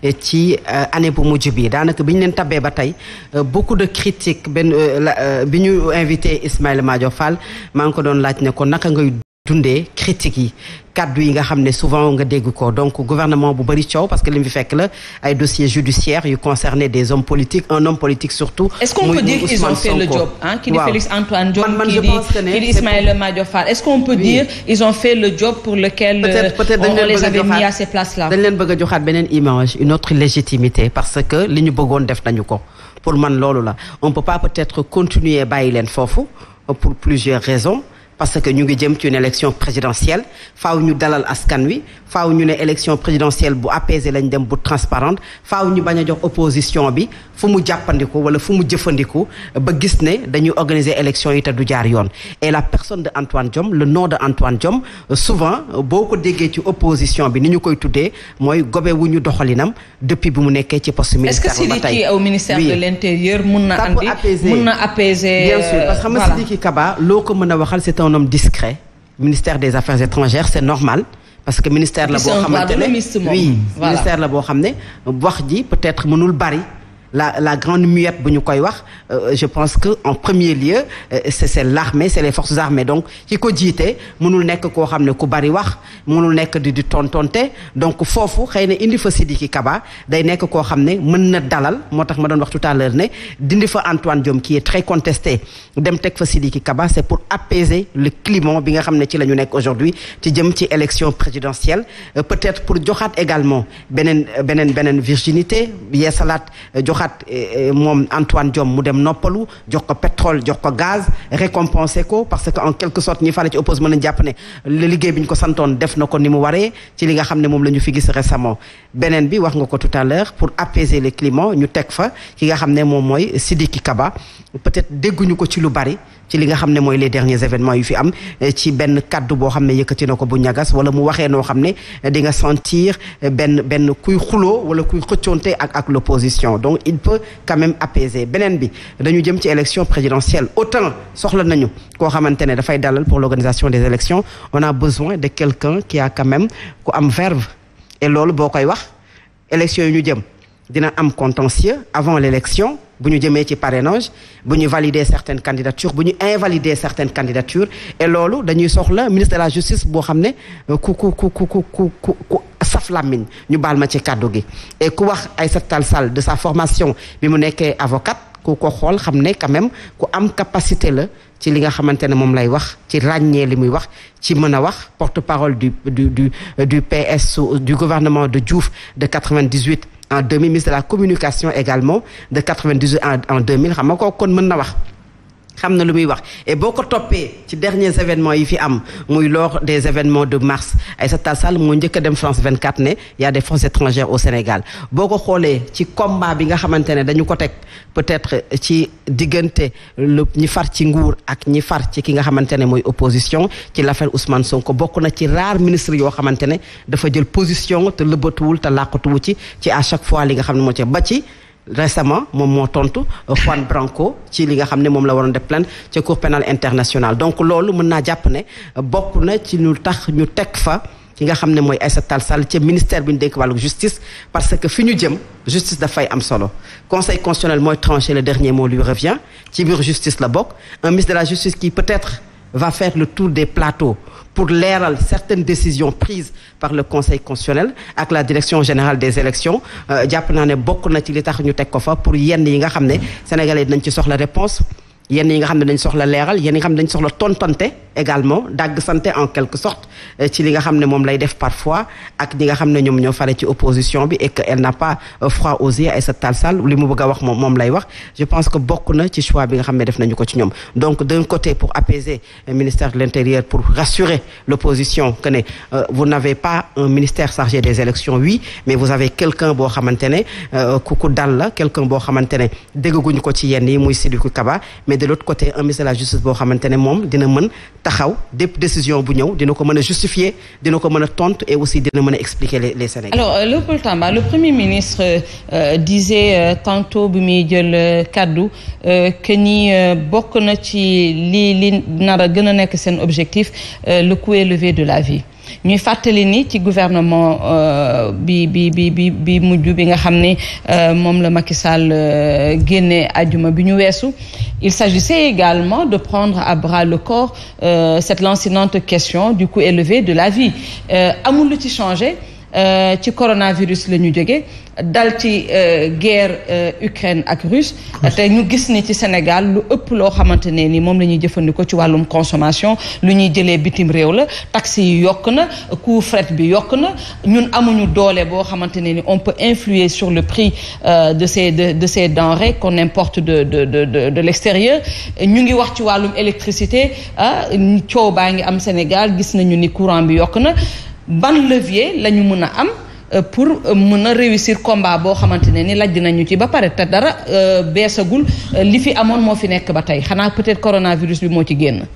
Eh, ci eh, année bu mujj bi daanaka bi ñu leen tabee ba tey eh, beaucoup de critiques benn bi ñu invité Ismaïla Madior Fall maa ngi ko doon laaj ne ko naka ngay dundee critiques yi nga xam ne souvent nga dégg ko donc gouvernement bu bari coow parce que li mu fi fekk la ay dossiers judiciaires yu concerné des hommes politiques politique est-ce qu'on peut dire qu'ils ont fait le job ah. qui dit pour lequel. peut-être euh, peut a joxaat on les avait mis à beneen image une autre légitimité parce que li ñu bëggoon def nañu ko pour man loolu la on peut pas peut-être continuer bàyyi leen foofu euh, pour plusieurs raisons. parce que ñu ngi jëm ci une élection présidentielle faaw ñu dalal askan wi faaw ñu ne élection présidentielle bu apaisée lañ dem bu transparente faaw ñu bañ a jox opposition bi fu mu jàppandiku wala fu mu jëfandiku ba gis ne dañuy organiser élection yi te du jaar yoon et la personne de Antoine Diome le nom de Antoine Diome souvent boo ko déggee ci opposition bi ni ñu koy tuddee mooy gobe wu ñu doxalinam depuis bi mu nekkee ci poste ministère ba tey est-ce que Sidiki au ministère un homme discret ministère des affaires étrangères c'est normal parce que ministère la boo xamante ne oui ministère la boo xam ne wax ji peut-être mënul bari la la grande muette bu ñu koy wax euh, je pense que en premier lieu euh, c'est c'est l'armée c'est les forces armées donc ki ko jiite mënul nekk koo xam ne ku bari wax mënul nekk di di tontonte donc foofu xëy na indi fa Sidiki Kaba day nekk koo xam ne mën na dalal moo tax ma doon wax tout à l'heure ne dindi fa Antoine Diome ki est très contesté dem teg fa Sidiki Kaba c'est pour apaiser le climat bi nga xam ne ci la ñu nekk aujourd'hui ci jëm ci élection présidentielle euh, peut-être pour joxaat également beneen beneen beneen virginité yeesalaat jox joxaat eh, eh, moom Antoine Diome mu dem noppalu jox ko pétrole jox ko gaz récompensé ko parce que en quelque sorte ñi fare ci oppose mën nañ jàpp ne liggéey bi ñu ko santoon def na ko ni mu waree ci li nga xam ne moom la ñu fi gis récemment beneen bi wax nga ko tout à pour apaiser le climat ñu teg fa ki nga xam ne moom mooy Sidiki Kaba peut-être dégguñu ko ci lu bari ci li nga xam ne mooy les derniers événements yu fi am eh, ci benn kaddu boo xam ne yëkkati na ko bu ñagas wala mu waxee noo xam ne di nga sentir benn benn kuy xuloo wala kuy xëccoonte ak ak l'opposition donc il peut quand même apaiser beneen bi dañu jëm ci élection présidentielle autant soxla nañu koo xamante ne dafay dalal pour l'organisation des élections on a besoin de quelqu'un qui a quand ku am verve et loolu boo koy wax élection yi ñu jëm dina am contentieux avant l'élection bu ñu jëmee ci parrainage bu ñu valider certaines candidatures bu ñu invalider certaines candidatures et loolu dañuy soxla ministre de la justice boo xam ne euh, ku ku ku ku ku ku ku saf làmmiñ ñu baal ma ci kàddu gi et ku wax ay Tall Sall de sa formation bi mu nekkee avocate ku ko xool xam ne quand même ku am capacité la ci li nga xamante ne moom lay wax ci ràññee li muy wax ci mën a wax porte-parole du du du du PS du gouvernement de Diouf de 98 en 2000 ministre de la communication également de 98 en en 2000 xam nga kooku kon mën na wax. xam na lu muy wax et boo ko toppee ci derniers événements yi fi am muy lors des événements de mars ay Tall Sall moo njëkk dem France 24 ne y a des forces étrangères au Sénégal boo ko xoolee ci combat bi nga xamante ne dañu ko teg peut-être ci diggante lu ñi far ci nguur ak ñi far ci ki nga xamante ne mooy opposition ci l'affaire Ousmane Sonko bokk na ci rare ministre yoo xamante ne dafa jël position te lëbbatuwul te làqatuwu ci ci à chaque fois li nga xam ne moo ci ba ci récemment moom moo tontu euh, Juan Branco ci li nga xam ne moom la waroon def plainte ca cour pénale internationale donc loolu mën naa jàpp ne euh, bokk na ci ñu tax ñu teg fa ki nga xam ne mooy Aïssata Tall Sall ca ministère bi ñu dénk wàllu justice parce que fi ñu jëm justice dafay am solo conseil constitutionnel mooy tranché le dernier mot lui revient ci biir justice la bokk un ministre de la justice qui peut-être va faire le tour des plateaux pour leeral certaines décisions prises par le conseil constitutionnel ak la direction générale des élections euh, jàpp naa ne bokk na ci li tax ñu teg ko fa pour yenn yi nga xam ne sénégalais dañ ci soxla réponse yenn yi nga xam ne dañ soxla leeral yenn yi nga xam ne dañ soxla tontante également dagg sante en quelque sorte euh, ci li nga xam ne moom lay def parfois ak ñi nga xam ne ñoom ñoo fare ci opposition bi et que elle n'a pas euh, froid aux yeux Aïssata Tall Sall li mu bëgg wax moom moom lay wax je pense que bokk na ci choix bi nga xam ne def nañu ko ci ñoom donc d'un côté pour apaiser euh, ministère de l'intérieur pour rassurer l'opposition que ne vous n'avez pas un ministère chargé des élections oui mais vous avez quelqu'un boo xamante ne ku ku dal la quelqu'un boo xamante ne déggaguñu ko ci yenn yi muy Sidiki Kaba mais de l'autre côté un ministre xamante ne moom dina mën taxaw dépp décision bu ñëw dina ko mën a justifier dina ko mën a tontu et aussi dina mën a expliquer les les Sénégalais. alors euh, Léopold Tamba le premier ministre euh, disait euh, tantôt bi muy jël euh, kaddu euh, que ni bokk na ci li li nar gën a nekk seen objectif le coût élevé de la vie. ñuy fàttali ni ci gouvernement euh, bi bi bi mujj bi nga xam ne euh, moom la Macky Sall euh, génne ajuma bi ñu weesu il s'agissait également de prendre à bras le corps cette question du coût élevé de la vie amul lu ci changé ci coronavirus la ñu jóge dal ci euh, guerre euh, Ukraine ak Russe te ñu gis ni ci Sénégal lu ëpp loo xamante ne ni moom la ñuy jëfandikoo ci wàllum consommation lu ñuy jëlee bitim réew la taxi yi yokk na coût fret bi yokk na ñun amuñu doole boo xamante ne ni on peut influer sur le prix euh, de ces de de ces denrées qu'on importe de de de de de l'extérieur ñu ngi wax ci wàllum électricité ah coow baa ngi am Sénégal gis nañu ni courant bi yokk na ban levier la ñu mën a am Euh, pour euh, mën a réussir combat boo xamante ne ni lajj nañu ci ba pare te dara euh, beesagul li fi amoon moo fi nekk ba tey xanaa peut-être coronavirus bi moo ci génn.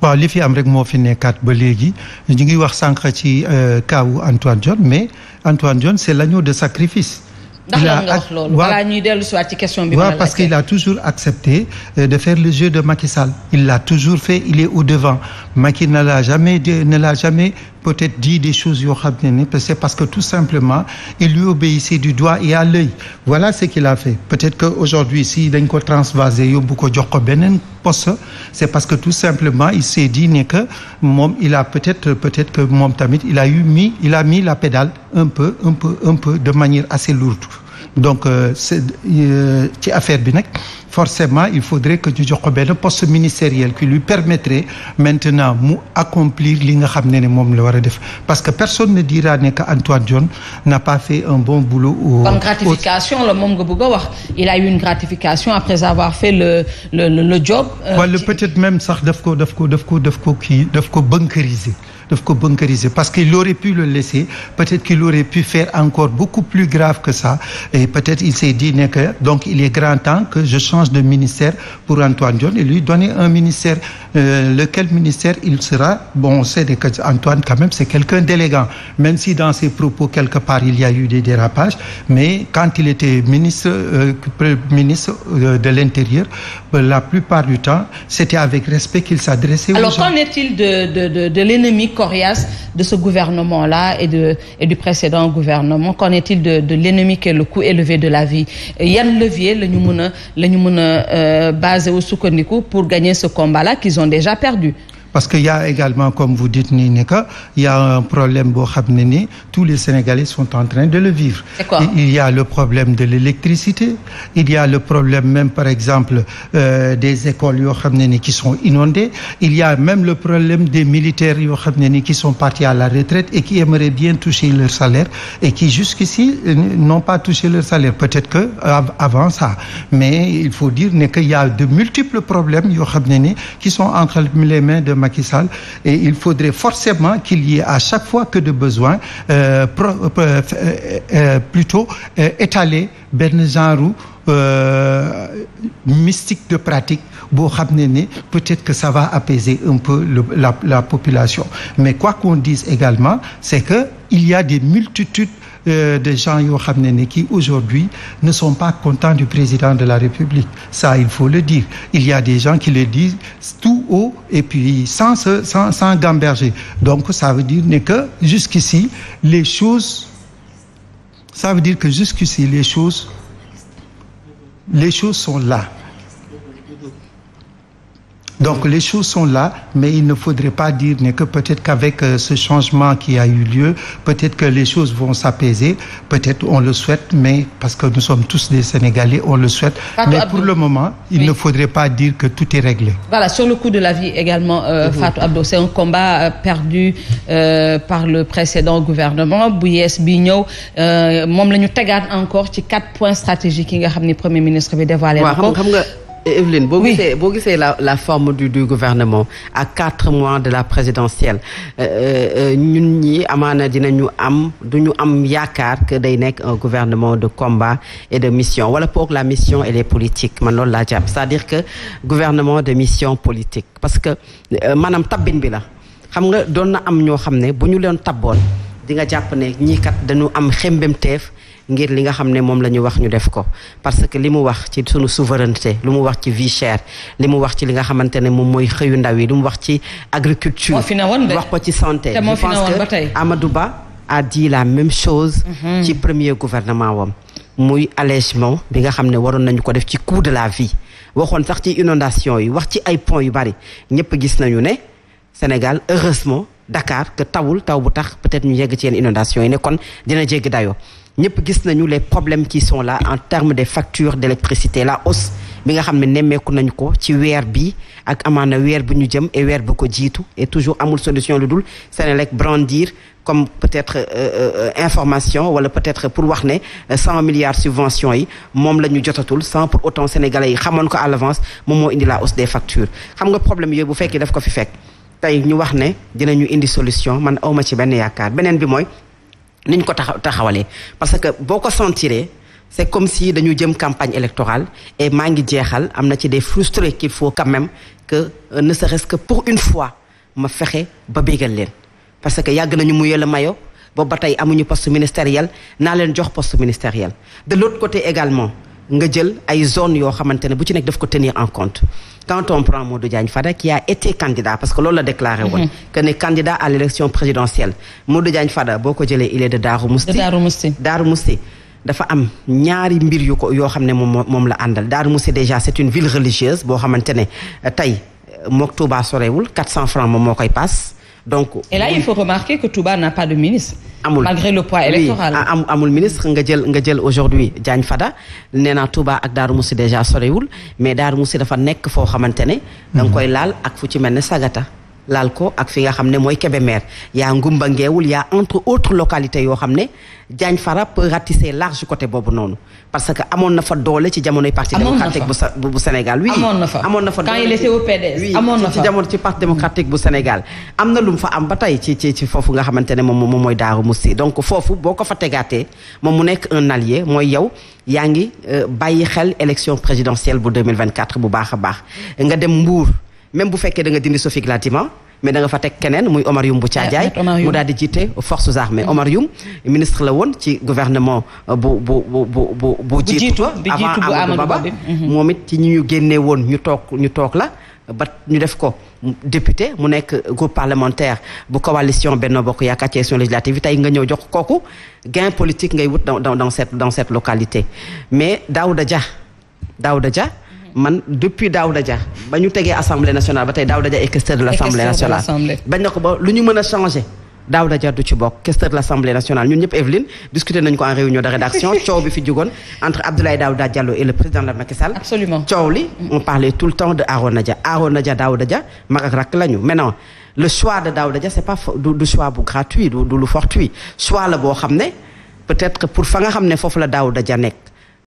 waaw li fi am rek moo fi nekkaat ba léegi ñu ngi wax sànq ci kaawu Antoine Diome mais Antoine Diome c'est l'agneau de sacrifice. ndax lan nga wax loolu balaa ñuy dellu si ci question bi. waaw parce qu'il a toujours accepté de faire le jeu de Macky Sall. il l'a toujours fait il est au devant Macky ne l'a jamais ne l'a jamais peut-être dit des choses yoo xam ne ni c'est parce que tout simplement il lui obéissait du doigt et à l'œil voilà ce qu'il a fait peut-être que aujourd'hui si dañ ko transvasé yóbbu ko jox ko beneen poste c'est parce que tout simplement il s'est dit ne que moom il a peut-être peut-être que moom tamit il a eu mis il mis la pédale un peu un peu un peu de manière assez lourde donc euh, euh, ci affaire bi nag forcément il faudrait que ñu jox ko benn poste ministériel qui lui permettrait maintenant mu accomplir li nga xam ne ne moom la war a def parce que personne ne dira ne que Antoine Diome n'a pas fait un bon boulot. kon gratification la moom nga bëgg wax il a eu une gratification après avoir fait le job. Euh, wala peut-être même sax def ko def ko daf ko daf ko kii daf ko bunkeriser. daf ko bunkériser parce qu'il aurait pu le laisser peut-être qu'il aurait pu faire encore beaucoup plus grave que ça et peut-être il s'est dit ne que donc il est grand temps que je change de ministère pour Antoine Diome et lui donner un ministère euh, lequel ministère il sera bon on sait que Antoine quand même c'est quelqu'un d'élégant même si dans ses propos quelque part il y a eu des dérapages mais quand il était ministre euh, ministre euh, de l'Intérieur euh, la plupart du temps c'était avec respect qu'il s'adressait aux gens. Alors qu'en est-il de de de, de l'ennemi coriace de ce gouvernement là et de et du précédent gouvernement qu'en est-il de de l'ennemi qui est le coût élevé de la vie yan levier la ñu mën la ñu mën a basé wu sukkandiku pour gagner ce combat là ont déjà perdu parce que y a également comme vous dites nii ni que y a un problème boo xam ne ni tous les Sénégalais sont en train de le vivre c'est quoi? il y a le problème de l'électricité il y a le problème même par exemple euh, des écoles yoo xam ne ni qui sont inondées il y a même le problème des militaires yoo xam ne ni qui sont partis à la retraite et qui aimeraient bien toucher leur salaire et qui jusqu'ici euh, n'ont pas touché leur salaire peut-être que avant ça mais il faut dire ne que y a de multiples problèmes yoo xam ne ni qui sont entre les mains de Macky Sall et il faudrait forcément qu'il y ait à chaque fois que de besoin euh, pro, euh, euh, euh, euh plutôt étaler benn genre Euh, mystique de pratique boo xam ne ne peut-être que ça va apaiser un peu le, la la population mais quoi qu'on dise également c'est que il y a des multitudes euh, des gens yoo xam ne ne qui aujourd'hui ne sont pas contents du président de la République ça il faut le dire il y a des gens qui le disent tout haut et puis sans se sans sans gamberger donc ça veut dire ne que jusqu'ici les choses ça que jusqu'ici les choses les choses sont là Donc les choses sont là, mais il ne faudrait pas dire mais que peut-être qu'avec euh, ce changement qui a eu lieu, peut-être que les choses vont s'apaiser, peut-être on le souhaite, mais parce que nous sommes tous des Sénégalais, on le souhaite. mais pour le moment, il oui. ne faudrait pas dire que tout est réglé. Voilà, sur le également, euh, oui. Fatou Abdou, c'est un combat euh, perdu euh, par le précédent gouvernement bu yees bi ñëw moom la ñu tegaat encore ci quatre points stratégiques yi nga xam ni premier ministre bi dévoilé na ko. Evelyne boo gisee boo gisee la la forme du du gouvernement à quatre mois de la présidentielle euh, euh, euh, ñun ñi amaana dinañu am du ñu am yaakaar que day nekk un gouvernement de combat et de mission wala pour la mission et les politiques man loolu laa jàpp c'est-à-dire que gouvernement de mission politique parce que maanaam tabbin bi la xam nga doon na am ñoo xam ne bu ñu leen tabboon di nga jàpp ne ñii kat dañu am xembemteef ngir li nga xam ne moom la ñu wax ñu def ko parce que li mu wax ci sunu souveraineté li mu wax ci vie chère li mu wax ci li nga xamante ne moom mooy xëyu ndaw yi li mu wax ci agriculture wax ko ci santé je pense que Amadou Ba a dit la même chose mm-hmm. ci premier gouvernement wam muy allègement bi nga xam ne waroon nañu ko def ci coût de la vie waxoon sax ci inondation yi wax ci ay points yu bari ñëpp gis nañu ne Sénégal heureusement Dakar que tawul taw bu tax peut-être ñu yegg ci yenn inondation yi ne kon dina jéggi dayoo ñëpp gis nañu les problème qui son la en terme des factures d'électricité la hausse mi nga xam ne nemmeeku nañu ko ci weer bi ak amaana weer bu ñu jëm et weer bu ko jiitu et toujours amul solution lu dul Senelec brandir comme peut-être euh, euh, euh, information wala peut-être pour wax ne cent milliards subventions yi moom la ñu jotatul sans pour autant sénégalais yi xamoon ko à l'avance moom moo indi la hausse des factures xam nga problème bu fekkee daf ko fi fekk tey ñu wax ne dinañu indi solution man awma ci benn yaakaar beneen bi mooy niñ ko taxa taxawalee parce que boo ko sentiree c'est comme si dañu jëm campagne électoral et maa ngi jeexal am na ci des frustrés qu'il faut quand même que euh, ne serait que pour une fois ma fexe ba bégal leen parce que yàgg nañu mu yële mayo boobu ba tey amuñu poste ministériel naa leen jox poste ministériel de l'autre côté également nga jël ay zone yoo xamante ne bu ci nekk def ko tenir en compte quand on prend Modou Diagne Fada qui a été candidat parce que loolu la déclaré woon mhm. que ne candidat à l'élection présidentielle Modou Diagne Fada boo ko jëlee il est de Darou Mousty Darou Mousty dafa am ñaari mbir yu ko yoo xam ne moom moom la àndal Darou Mousty déjà c'est une ville religieuse boo xamante ne tey mook Touba sorewul 400 francs moom moo koy paas donc. et là il faut remarquer que Touba n'a pas de ministre. amul malgré le poids électoral oui ah, amul ministre nga jël nga jël aujourd'hui Diagne Fada nee naa Touba ak Darou Moussi déjà sorewul mais Darou Moussi dafa nekk foo xamante ne. da nga mhm. koy laal ak fu ci mel ne Sagata. laal ko ak fi nga xam ne mooy Kébémer yaa Ngumba Ngeewul yaa entre autres localité yoo xam ne jaañ Fada peut ratisser large côté boobu noonu parce que amoon na fa doole ci jamonoy parti démocratique bu bu Sénégal oui amoon na fa amoon na fa quand il était au PDS amoon ci jamono ci parti bu Sénégal am na lu fa am ba tey ci ci foofu nga xamante ne moom moom mooy Daaru Musti donc foofu boo ko fa tegaatee moom mu nekk un allié mooy yow yaa ngi euh, bàyyi xel élection présidentielle bu 2024 bu baax a baax nga dem mbuur même bu fekkee danga dindi Sophie Gladima mais da nga fa teg keneen muy Omar Youm bu ah, Thiadiaye mu daal di jiite forces armées Omar Youm ministre la woon ci gouvernement euh, bu bu bu bu bu jiitu avant Amadou mhm. moom it ci ñi ñu génnee woon ñu toog ñu toog la ba ñu def ko député mu nekk groupe parlementaire bu coalition benn Bokk Yaakaar ci élection législative tey nga ñëw jox kooku gain politique ngay wut dans dans dans cette dans cette localité mais Daouda Dia Daouda Dia man depuis Daouda Dia ba ñu tegee assemblée nationale ba tey daaw Dia est questeur de l' assemblée nationale bañ na ko ba lu ñu mën a changé Daouda Dia du ci bokk questeur de l' assemblée nationale ñun ñëpp Evelyne discuté nañu ko en réunion de rédaction coow bi fi jugoon entre Abdoulaye Daouda Diallo et le président de Macky Sall absolument coow li on parlait tout le temps de Arona Dia Arona Dia Daouda Dia mag ak rakk la ñu le choix de Daouda Dia c' pas du, du xam ne peut-être que pour fa nga xam ne foofu la Daouda Dia nekk